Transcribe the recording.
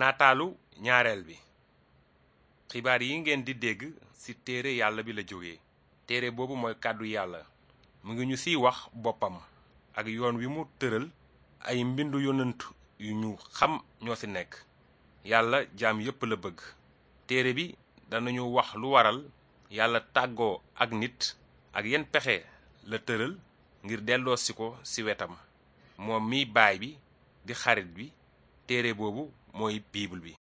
nataalu ñaareel bi xibaar yi ngeen di dégg ci téere yàlla bi la jóge téere boobu mooy kàddu yàlla mu ngi ñu ciy wax boppam ak yoon wi mu tëral ay mbind yonent yu ñu xam ñoo ci nekk yàlla jaam yépp la bëgg téere bi danañu wax lu waral yàlla tàggoo ak nit ak yenn pexe la tëral ngir delloosi ko ci wetam moom miy baay bi di xarit bi téere boobu mooy bible bi